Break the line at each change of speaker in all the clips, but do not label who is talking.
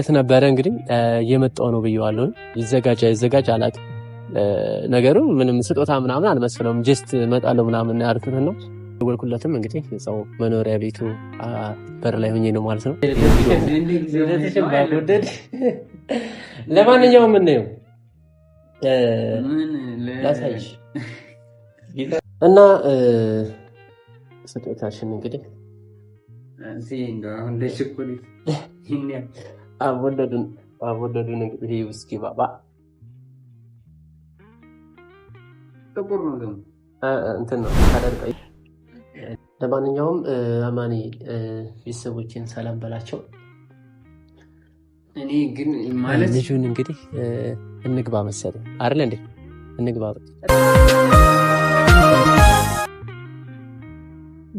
የት ነበረ እንግዲህ የመጣው ነው ብየዋለሁ። ይዘጋጅ አይዘጋጅ አላውቅም። ነገሩ ምንም ስጦታ ምናምን አልመስለውም። ጀስት እመጣለሁ ምናምን ያልኩት ነው። ደወልኩለትም እንግዲህ ው መኖሪያ ቤቱ በር ላይ ሆኜ ነው ማለት ነው። ለማንኛውም ላሳይሽ እና ስጦታሽን እንግዲህ አልወለዱን እንግዲህ ውስኪ ባባ ጥቁር ነው ደግሞ እንትን ነው ታደርቀኝ። ለማንኛውም አማኒ ቤተሰቦችን ሰላም በላቸው።
እኔ ግን ማለት
ልጁን እንግዲህ እንግባ መሰለኝ አይደል እንዴ? እንግባ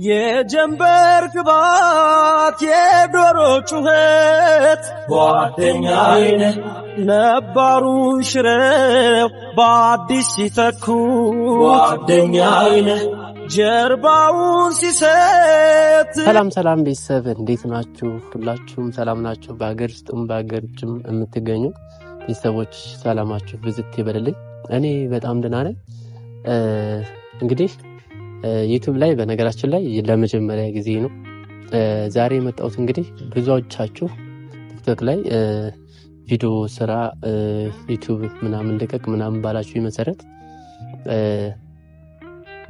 የጀንበር ግባት የዶሮ ጩኸት ጓደኛ አይነ ሽረው በአዲስ ሲተኩ ጓደኛ አይነ ጀርባውን ሲሰት። ሰላም ሰላም ቤተሰብ እንዴት ናችሁ? ሁላችሁም ሰላም ናችሁ? በሀገር ውስጥም በሀገር ውጭም የምትገኙ ቤተሰቦች ሰላማችሁ ብዝት ይበልልኝ። እኔ በጣም ደህና ነኝ። እንግዲህ ዩቱብ ላይ በነገራችን ላይ ለመጀመሪያ ጊዜ ነው ዛሬ የመጣሁት። እንግዲህ ብዙዎቻችሁ ቲክቶክ ላይ ቪዲዮ ስራ ዩቱብ ምናምን ልቀቅ ምናምን ባላችሁ መሰረት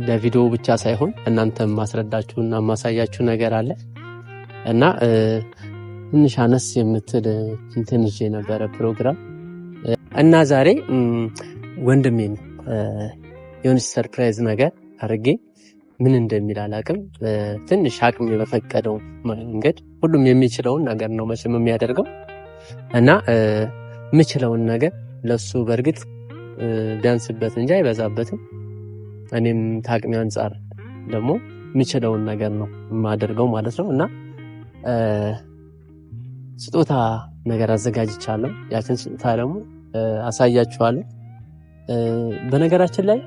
ለቪዲዮ ብቻ ሳይሆን እናንተ ማስረዳችሁና ማሳያችሁ ነገር አለ እና ትንሽ አነስ የምትል እንትን ይዤ የነበረ ፕሮግራም እና ዛሬ ወንድሜን የሆነች ሰርፕራይዝ ነገር አድርጌ ምን እንደሚል አላቅም። ትንሽ አቅም በፈቀደው መንገድ ሁሉም የሚችለውን ነገር ነው መቼም የሚያደርገው እና የምችለውን ነገር ለሱ በእርግጥ ቢያንስበት እንጂ አይበዛበትም። እኔም ታቅሚ አንጻር ደግሞ የምችለውን ነገር ነው የማደርገው ማለት ነው እና ስጦታ ነገር አዘጋጅቻለሁ። ያችን ስጦታ ደግሞ አሳያችኋለሁ። በነገራችን ላይ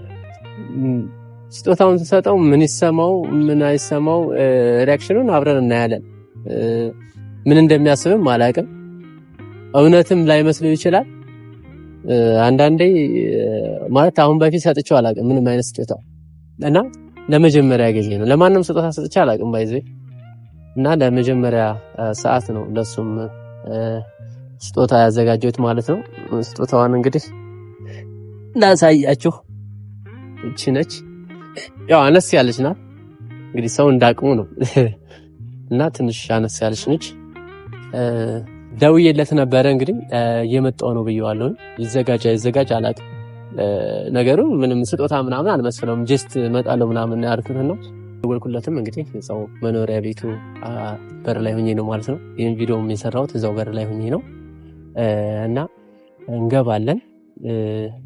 ስጦታውን ስሰጠው ምን ይሰማው ምን አይሰማው ሪያክሽኑን አብረን እናያለን። ምን እንደሚያስብም አላቅም። እውነትም ላይመስለው ይችላል። አንዳንዴ ማለት አሁን በፊት ሰጥቼው አላቅም ምንም አይነት ስጦታ እና ለመጀመሪያ ጊዜ ነው። ለማንም ስጦታ ሰጥቼ አላቅም ባይዘ እና ለመጀመሪያ ሰዓት ነው ለሱም ስጦታ ያዘጋጀሁት ማለት ነው። ስጦታዋን እንግዲህ ላሳያችሁ፣ እቺ ነች። ያው አነስ ያለች ናት እንግዲህ ሰው እንዳቅሙ ነው እና ትንሽ አነስ ያለች ነች። ደውዬለት ነበረ እንግዲህ የመጣው ነው ብየዋለሁ። ይዘጋጅ አይዘጋጅ አላውቅም። ነገሩ ምንም ስጦታ ምናምን አልመስለውም። ጀስት እመጣለሁ ምናምን ያልኩት ነው። ደወልኩለትም እንግዲህ እዛው መኖሪያ ቤቱ በር ላይ ሆኜ ነው ማለት ነው። ይህን ቪዲዮም የሰራሁት እዛው በር ላይ ሆኜ ነው እና እንገባለን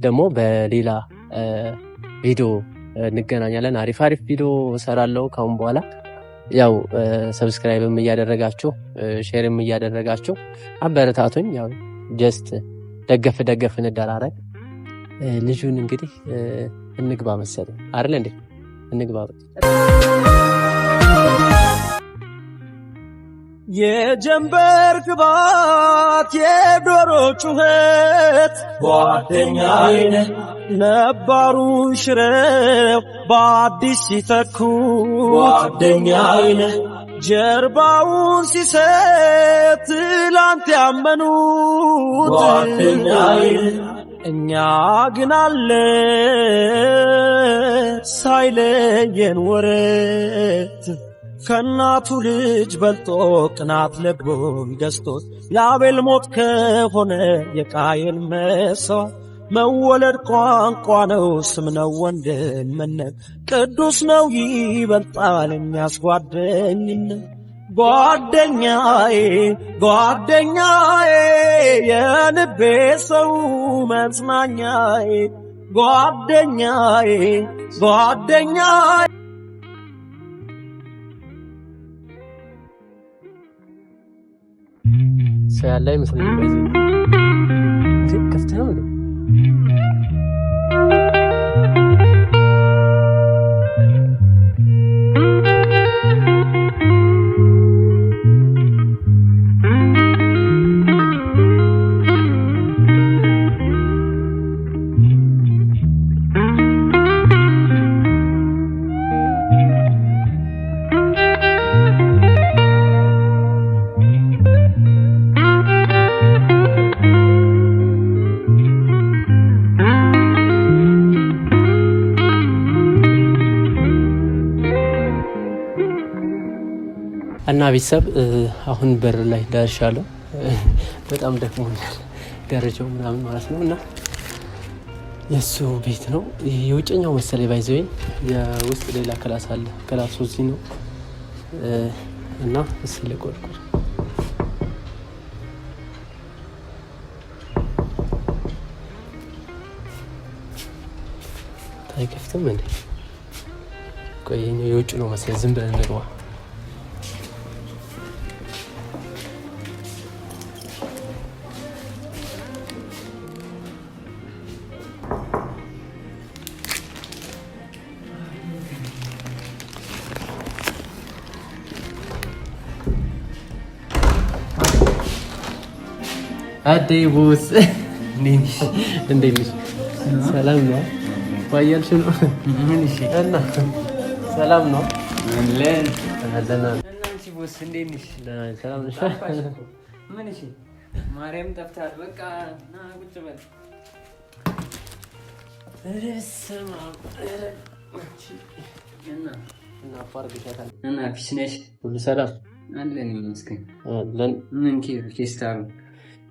ደግሞ በሌላ ቪዲዮ እንገናኛለን። አሪፍ አሪፍ ቪዲዮ እሰራለሁ ካሁን በኋላ። ያው ሰብስክራይብም እያደረጋችሁ ሼርም እያደረጋችሁ አበረታቱኝ። ያው ጀስት ደገፍ ደገፍ እንደራረግ። ልጁን እንግዲህ እንግባ መሰለኝ አይደል እንዴ? እንግባ የጀንበር ክባት የዶሮ ጩኸት ጓደኛ አይነ ነባሩን ሽረው በአዲስ ሲተኩ ጓደኛ አይነ ጀርባውን ሲሰጥ ትላንት ያመኑት ጓደኛ አይነ እኛ ግን አለ ሳይለየን ወረት ከእናቱ ልጅ በልጦ ቅናት ለቦን ገዝቶት የአቤል ሞት ከሆነ የቃየል መሰዋ! መወለድ ቋንቋ ነው፣ ስም ነው፣ ወንድምነት ቅዱስ ነው ይበልጣል የሚያስጓደኝነ! ጓደኛዬ ጓደኛዬ የልቤ ሰው መጽናኛዬ ጓደኛዬ ጓደኛዬ ሰው ያለ አይመስለኝም። ክፍት ነው እንዴ? እና ቤተሰብ አሁን በር ላይ ደርሻለሁ። በጣም ደክሞኛል፣ ደረጃው ምናምን ማለት ነው እና የእሱ ቤት ነው የውጭኛው መሰለኝ። ባይዘወይ የውስጥ ሌላ ክላስ አለ። ክላሱ እዚህ ነው እና እስኪ ልቆርቁር አይከፍትም እንዴ? ቆይ የውጭ ነው መሰለኝ። ዝም ብለን ንግባ አዴ ቦስ እንዴት ነሽ? ሰላም ነው? ባያልሽ ነው? ሰላም ነው?
ማርያም ጠፍታል። ነሽ? ሁሉ ሰላም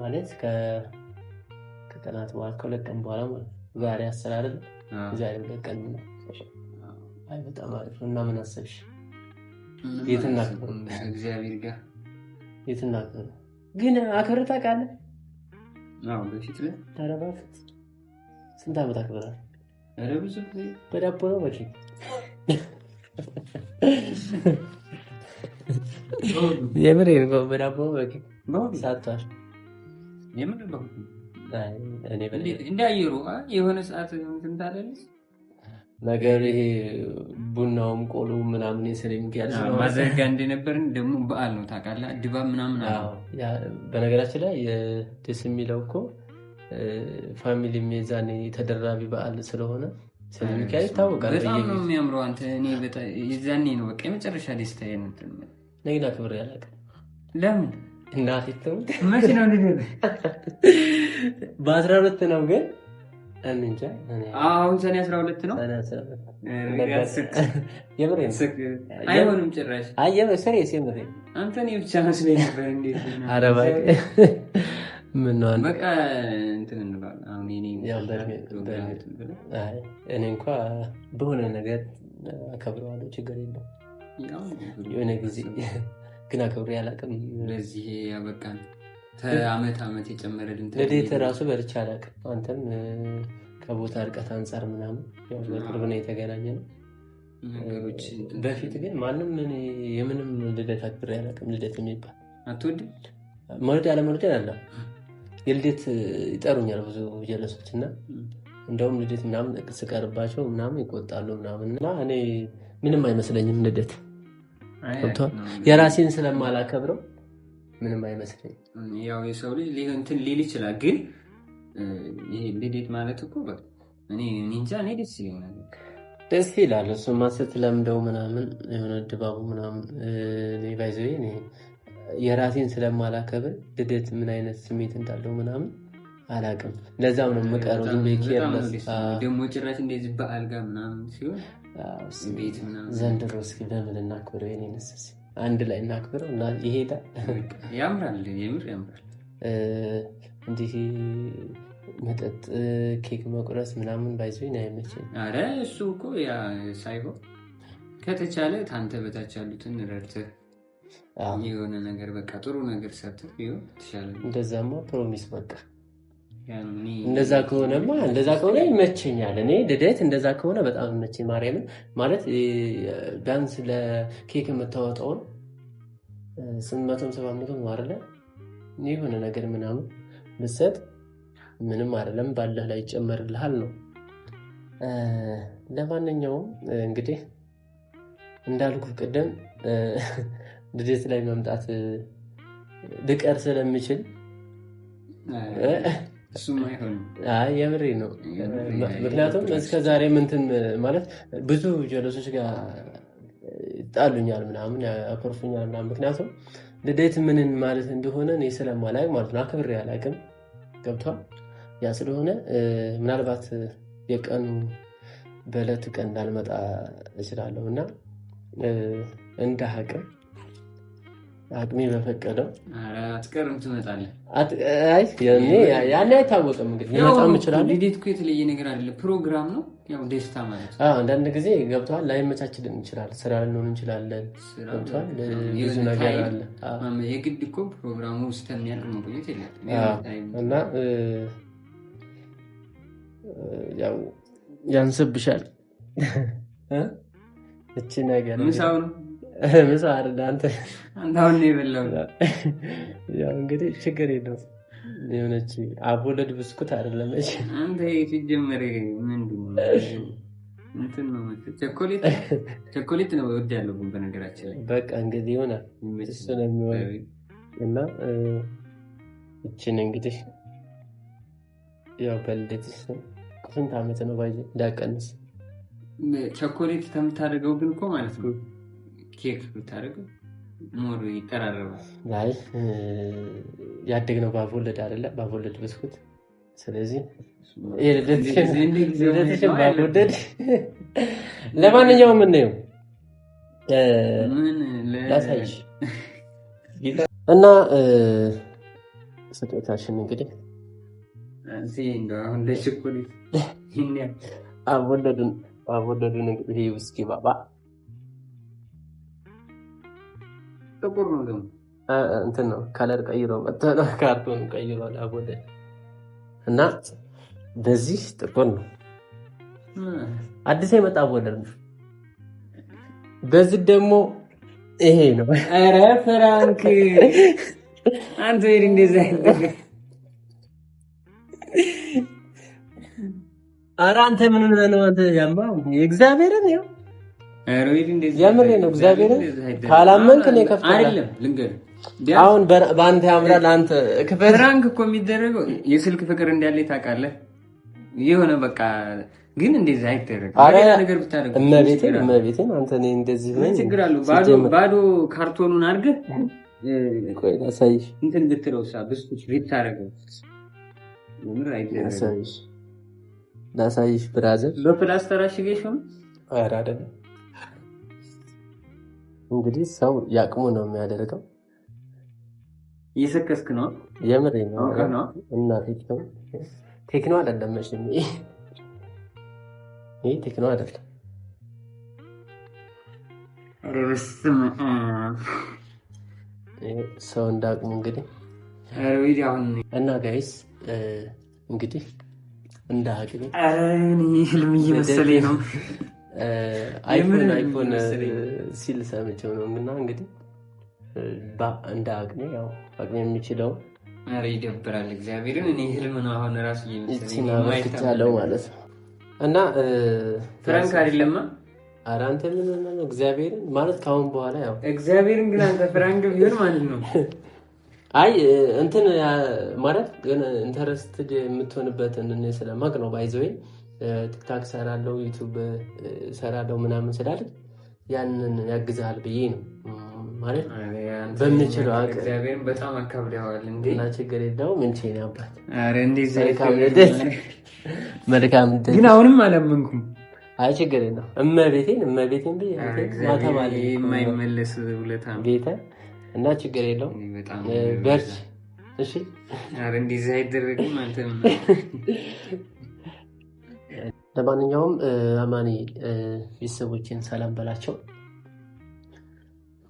ማለት ከቀናት በኋላ ከሁለት ቀን በኋላ ማለት ዛሬ አሰራርን ዛሬ ሁለት ቀን አይ በጣም አሪፍ እና ምን አሰብሽ?
እግዚአብሔር ጋር
ግን አክብረህ ታውቃለህ? በፊት ላይ ስንት ዓመት አክብረሃል? በዳቦ ነው የምር በዳቦ ሳቷል።
እንደ አየሩ የሆነ ሰዓት እንትን
ነገር ይሄ ቡናውም ቆሎ ምናምን የሰለሚክ
ማዘጋ እንደነበርን ደግሞ በዓል ነው ታውቃለህ፣ ድባብ ምናምን
አለ። በነገራችን ላይ ደስ የሚለው እኮ ፋሚሊ ሜዛን የተደራቢ በዓል ስለሆነ ስለ ሚካኤል ይታወቃል።
በጣም ነው የሚያምረው። አንተ የዛኔ ነው በቃ የመጨረሻ ደስታ
ነግና ክብር አላውቅም። ለምን እናቴ ትሙት ነው ልጅ በአስራ ሁለት ነው ግን
አሁን ሰኔ አስራ ሁለት ነው። አይሆንም ጭራሽ አንተን ብቻ መስሎኝ ነበር።
እንዴት እኔ እንኳ በሆነ ነገር አከብረዋለሁ፣ ችግር የለም። የሆነ ጊዜ ግን አከብሬ አላውቅም።
ለዚህ ያበቃን ዓመት ዓመት የጨመረልን
ልደት ራሱ በልቼ አላውቅም። አንተም ከቦታ እርቀት አንጻር ምናምን በቅርብ ነው የተገናኘ ነው። በፊት ግን ማንም የምንም ልደት አክብሬ አላውቅም። ልደት የሚባል አትወድም? መውለድ አለመውለድ አለ የልደት ይጠሩኛል ብዙ ጀለሶች እና እንደውም ልደት ምናምን ስቀርባቸው ምናምን ይቆጣሉ ምናምን እና እኔ ምንም አይመስለኝም ልደት የራሴን ስለማላከብረው ምንም አይመስለኝም።
ያው የሰው ልጅ እንትን ሊል ይችላል፣ ግን ይሄ ልደት ማለት እኮ እንጃ እኔ ደስ ይለኛል
ደስ ይላል። እሱማ ስትለምደው ምናምን የሆነ ድባቡ ምናምን ባይዘ የራሴን ስለማላከብር ልደት ምን አይነት ስሜት እንዳለው ምናምን አላቅም። ለዛም ነው የምቀረው።
ደግሞ ጭራሽ እንደዚህ በአልጋ ምናምን ሲሆን
ዘንድሮ እስኪ በምን እናክብረው? የኔ መሰስ አንድ ላይ እናክብረው እና ይሄዳል።
ያምራል፣ የምር ያምራል።
እንዲህ መጠጥ፣ ኬክ መቁረስ ምናምን ባይዞ አይመቸኝም።
ኧረ እሱ እኮ ሳይሆን ከተቻለ ታንተ በታች ያሉትን ረድተህ የሆነ ነገር በቃ ጥሩ ነገር
እንደዛማ ፕሮሚስ በቃ እንደዛ ከሆነማ እንደዛ ከሆነ ይመቸኛል። እኔ ልደት እንደዛ ከሆነ በጣም ይመቸኝ። ማርያምን ማለት ቢያንስ ለኬክ የምታወጣውን ስምንት መቶም ሰባት መቶም ማርለ የሆነ ነገር ምናምን ብትሰጥ ምንም አይደለም፣ ባለህ ላይ ይጨመርልሃል ነው። ለማንኛውም እንግዲህ እንዳልኩ ቅድም ልደት ላይ መምጣት ልቀር ስለምችል የምሬ ነው። ምክንያቱም እስከ ዛሬ ምንትን ማለት ብዙ ጀለሶች ጋር ይጣሉኛል፣ ምናምን ያኮርፉኛል ምናምን። ምክንያቱም ልደት ምንን ማለት እንደሆነ እኔ ስለማላይ ማለት ነው አክብሬ አላውቅም። ገብቷል። ያ ስለሆነ ምናልባት የቀኑ በዕለት ቀን እንዳልመጣ እችላለሁ እና እንደ አቅም አቅሜ በፈቀደው
አትቀርም ትመጣለህ።
ያኔ አይታወቅም እንግዲህ
ሊመጣም ይችላል። ልደት እኮ የተለየ ነገር አይደለም፣ ፕሮግራም ነው ያው ደስታ ማለት
ነው። አንዳንድ ጊዜ ገብተዋል ላይመቻችልን እንችላል፣ ስራ ልንሆን እንችላለን።
ብዙ ነገር አለ። የግድ እኮ ፕሮግራሙ ስተሚያልቅ መቆየት የለም
እና ያው ያንስብሻል እቺ ነገር ምሳው ነው ምሳ አይደል አንተ
አሁን የበላው
ያው እንግዲህ ችግር የለውም የሆነች አቦለድ ብስኩት አይደለም እሺ
አንተ ሲጀመር ምንድን ነው ወድ ቸኮሌት በነገራችን ላይ
በቃ እንግዲህ ይሆናል እሱ ነው የሚሆነው እና እችን እንግዲህ ያው በልደት ስንት ዓመት ነው ባየ እንዳቀንስ
ቸኮሌት ከምታደርገው ግን እኮ ማለት ነው ኬክ ብታደርገው ሞር ይቀራረባል።
ያደግ ነው ባቦለድ አይደለ? ባቦለድ ብስኩት። ስለዚህ
ልደትሽን ባቦለድ። ለማንኛውም ምንየው ላሳይሽ እና ስጦታሽን እንግዲህ አሁን አቦለዱን እንግዲህ ውስኪ ባባ
ጥቁር ነው ደግሞ
እንትን ነው ከለር ቀይሮ መጥቶ ነው ቀይሮ እና በዚህ ጥቁር ነው። አዲስ የመጣ ቦለር ነው። በዚህ ደግሞ ይሄ ነው።
ኧረ ፍራንክ አንተ ሄድ
ኧረ አንተ ምን ነው አንተ የምሬ ነው። እግዚአብሔርን ካላመንክ እኔ እከፍትልሃለሁ። አሁን በአንተ ያምራል። አንተ
ፍራንክ እኮ የሚደረገው የስልክ ፍቅር እንዳለ ታውቃለህ። የሆነ በቃ ግን እንደዛ አይደረግም።
እመቤቴን እመቤቴን አንተ እንደዚህ
ችግር አለው። ባዶ ካርቶኑን አድርገህ አሳይሽ እንትን ብትለው እሷ ብስኩች ብታደርገው
ላሳይሽ ብራዘር
በፕላስተር አሽጌሽ ሆነ
አይደለም እንግዲህ ሰው ያቅሙ ነው የሚያደርገው።
እየሰከስክ ነው?
የምሬ ነው። እና ቴክኖ ቴክኖ አይደለም። እሺ፣ ይሄ ቴክኖ አይደለም። ሰው እንዳቅሙ እንግዲህ እና ጋይስ እንግዲህ እንደ አቅሜ
ህልም እየመሰለኝ ነው
አይፎን አይፎን ሲል ሰምቼው ነው። እና እንግዲህ እንደ አቅሜ ያው አቅሜ የሚችለው
ይደብራል። እግዚአብሔርን እኔ ህልም ነው አሁን ራሱ
ይመስለኛል ማለት ነው። እና
ፍራንክ አይደለማ
ኧረ አንተ ምን ነው እግዚአብሔርን ማለት ከአሁን በኋላ ያው
እግዚአብሔርን ግን አንተ ፍራንክ ቢሆን ማለት ነው
አይ እንትን ማለት ግን ኢንተረስትድ የምትሆንበትን ስለማቅ ነው ባይዘወይ ቲክታክ ሰራለው ዩቱብ ሰራለው ምናምን ስላለን ያንን ያግዝሃል ብዬ ነው ማለት በምችለው
እግዚአብሔርን በጣም አካብደዋል
እና ችግር የለውም። እንቼ አባት መልካም
ግን አሁንም አላመንኩም።
አይ ችግር የለውም። እመቤቴን እመቤቴን
ማተባለ የማይመለስ ውለታ
ቤተ እና ችግር የለውም። በርች እሺ፣
እንደዚህ አይደረግም አንተ
ለማንኛውም አማኒ ቤተሰቦችን ሰላም በላቸው።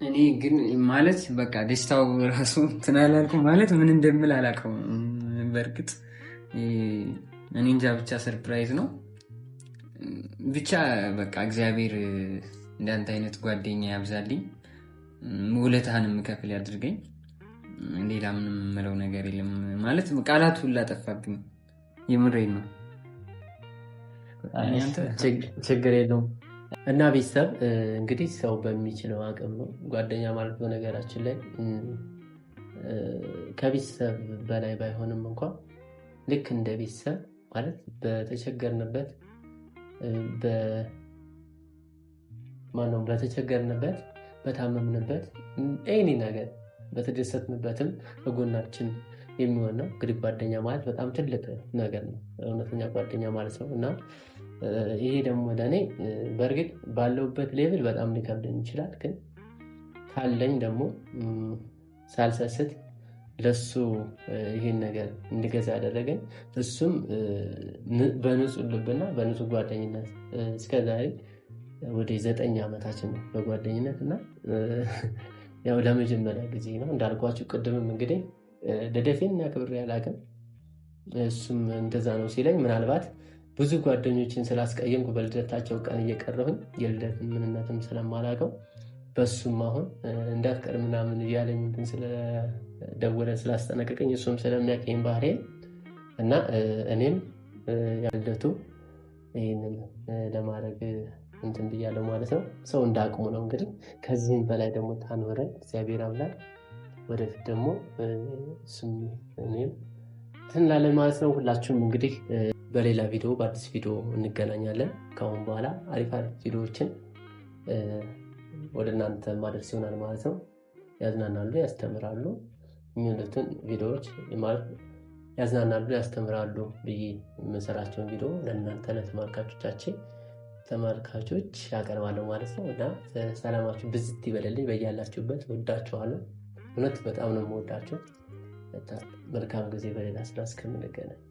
እኔ ግን ማለት በቃ ደስታው ራሱ ትናላልኩ ማለት ምን እንደምል አላውቅም። በእርግጥ እኔ እንጃ ብቻ ሰርፕራይዝ ነው ብቻ በቃ እግዚአብሔር እንዳንተ አይነት ጓደኛ ያብዛልኝ፣ ውለታህንም ከፍል ያድርገኝ። ሌላ ምንም የምለው ነገር የለም። ማለት ቃላት ሁላ ጠፋብኝ፣ የምሬን ነው።
ችግር የለውም። እና ቤተሰብ እንግዲህ ሰው በሚችለው አቅም ነው። ጓደኛ ማለት በነገራችን ላይ ከቤተሰብ በላይ ባይሆንም እንኳ ልክ እንደ ቤተሰብ ማለት በተቸገርንበት ማነው በተቸገርንበት፣ በታመምንበት፣ ኤኒ ነገር በተደሰትንበትም እጎናችን የሚሆን ነው። እንግዲህ ጓደኛ ማለት በጣም ትልቅ ነገር ነው፣ እውነተኛ ጓደኛ ማለት ነው እና ይሄ ደግሞ ለእኔ በእርግጥ ባለውበት ሌቭል በጣም ሊከብደኝ ይችላል። ግን ካለኝ ደግሞ ሳልሰስት ለሱ ይሄን ነገር እንድገዛ ያደረገኝ እሱም በንጹህ ልብና በንጹህ ጓደኝነት እስከዛሬ ወደ ዘጠኝ ዓመታችን ነው በጓደኝነት እና ያው ለመጀመሪያ ጊዜ ነው እንዳልኳችሁ ቅድምም እንግዲህ ልደቴን አክብሬ አላውቅም። እሱም እንደዛ ነው ሲለኝ ምናልባት ብዙ ጓደኞችን ስላስቀየምኩ በልደታቸው ቀን እየቀረብን የልደትን ምንነትም ስለማላውቀው በሱም አሁን እንዳትቀር ምናምን እያለኝ ስለደወለ ስላስጠነቀቀኝ እሱም ስለሚያቀኝ ባህሬ እና እኔም ልደቱ ይህንን ለማድረግ እንትን ብያለው ማለት ነው። ሰው እንዳቅሙ ነው እንግዲህ። ከዚህም በላይ ደግሞ ታኖረን እግዚአብሔር አምላክ ወደፊት ደግሞ እሱም እኔም እንትን ማለት ነው። ሁላችሁም እንግዲህ በሌላ ቪዲዮ በአዲስ ቪዲዮ እንገናኛለን። ከአሁን በኋላ አሪፍ አሪፍ ቪዲዮዎችን ወደ እናንተ ማድረስ ይሆናል ማለት ነው። ያዝናናሉ፣ ያስተምራሉ የሚሉትን ቪዲዮዎች ማለት ያዝናናሉ፣ ያስተምራሉ ብዬ የምንሰራቸውን ቪዲዮ ለእናንተ ለተመልካቾቻችን ተመልካቾች ያቀርባለሁ ማለት ነው እና ሰላማችሁ ብዝት ይበለልኝ በያላችሁበት። ወዳችኋለሁ። እውነት በጣም ነው የምወዳችሁ። መልካም ጊዜ። በሌላ ስራ እስከምንገናኝ